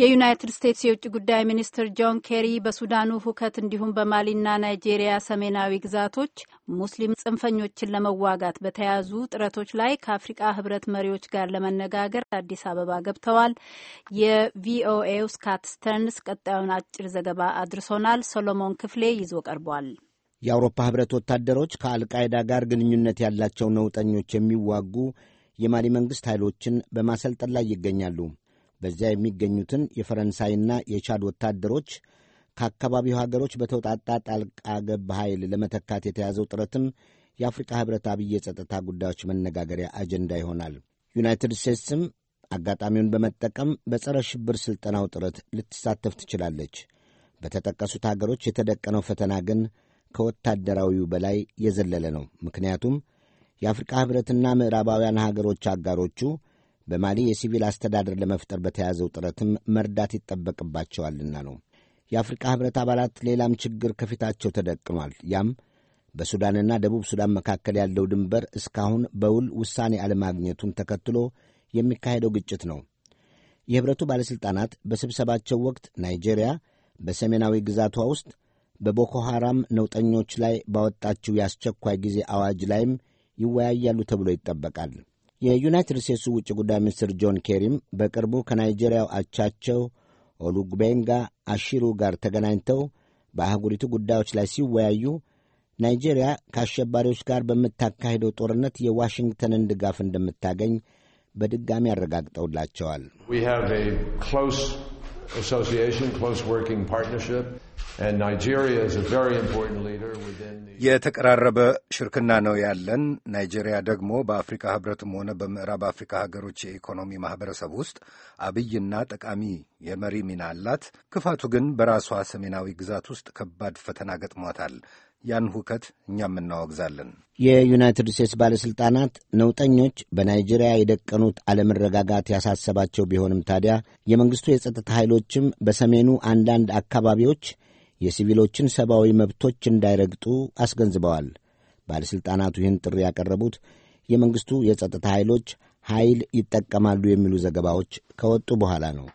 የዩናይትድ ስቴትስ የውጭ ጉዳይ ሚኒስትር ጆን ኬሪ በሱዳኑ ሁከት እንዲሁም በማሊና ናይጄሪያ ሰሜናዊ ግዛቶች ሙስሊም ጽንፈኞችን ለመዋጋት በተያዙ ጥረቶች ላይ ከአፍሪቃ ህብረት መሪዎች ጋር ለመነጋገር አዲስ አበባ ገብተዋል። የቪኦኤው ስካት ስተርንስ ቀጣዩን አጭር ዘገባ አድርሶናል። ሶሎሞን ክፍሌ ይዞ ቀርቧል። የአውሮፓ ህብረት ወታደሮች ከአልቃይዳ ጋር ግንኙነት ያላቸው ነውጠኞች የሚዋጉ የማሊ መንግስት ኃይሎችን በማሰልጠን ላይ ይገኛሉ። በዚያ የሚገኙትን የፈረንሳይና የቻድ ወታደሮች ከአካባቢው ሀገሮች በተውጣጣ ጣልቃ ገብ ኃይል ለመተካት የተያዘው ጥረትም የአፍሪካ ህብረት አብይ የጸጥታ ጉዳዮች መነጋገሪያ አጀንዳ ይሆናል። ዩናይትድ ስቴትስም አጋጣሚውን በመጠቀም በጸረ ሽብር ሥልጠናው ጥረት ልትሳተፍ ትችላለች። በተጠቀሱት አገሮች የተደቀነው ፈተና ግን ከወታደራዊው በላይ የዘለለ ነው። ምክንያቱም የአፍሪካ ኅብረትና ምዕራባውያን ሀገሮች አጋሮቹ በማሊ የሲቪል አስተዳደር ለመፍጠር በተያዘው ጥረትም መርዳት ይጠበቅባቸዋልና ነው። የአፍሪቃ ህብረት አባላት ሌላም ችግር ከፊታቸው ተደቅኗል። ያም በሱዳንና ደቡብ ሱዳን መካከል ያለው ድንበር እስካሁን በውል ውሳኔ አለማግኘቱን ተከትሎ የሚካሄደው ግጭት ነው። የህብረቱ ባለሥልጣናት በስብሰባቸው ወቅት ናይጄሪያ በሰሜናዊ ግዛቷ ውስጥ በቦኮ ሐራም ነውጠኞች ላይ ባወጣችው የአስቸኳይ ጊዜ አዋጅ ላይም ይወያያሉ ተብሎ ይጠበቃል። የዩናይትድ ስቴትሱ ውጭ ጉዳይ ሚኒስትር ጆን ኬሪም በቅርቡ ከናይጄሪያው አቻቸው ኦሉግቤንጋ አሺሩ ጋር ተገናኝተው በአህጉሪቱ ጉዳዮች ላይ ሲወያዩ ናይጄሪያ ከአሸባሪዎች ጋር በምታካሂደው ጦርነት የዋሽንግተንን ድጋፍ እንደምታገኝ በድጋሚ አረጋግጠውላቸዋል። የተቀራረበ ሽርክና ነው ያለን። ናይጄሪያ ደግሞ በአፍሪካ ህብረትም ሆነ በምዕራብ አፍሪካ ሀገሮች የኢኮኖሚ ማህበረሰብ ውስጥ አብይና ጠቃሚ የመሪ ሚና አላት። ክፋቱ ግን በራሷ ሰሜናዊ ግዛት ውስጥ ከባድ ፈተና ገጥሟታል። ያን ሁከት እኛም እናወግዛለን። የዩናይትድ ስቴትስ ባለሥልጣናት ነውጠኞች በናይጄሪያ የደቀኑት አለመረጋጋት ያሳሰባቸው ቢሆንም ታዲያ የመንግሥቱ የጸጥታ ኃይሎችም በሰሜኑ አንዳንድ አካባቢዎች የሲቪሎችን ሰብአዊ መብቶች እንዳይረግጡ አስገንዝበዋል። ባለሥልጣናቱ ይህን ጥሪ ያቀረቡት የመንግሥቱ የጸጥታ ኃይሎች ኃይል ይጠቀማሉ የሚሉ ዘገባዎች ከወጡ በኋላ ነው።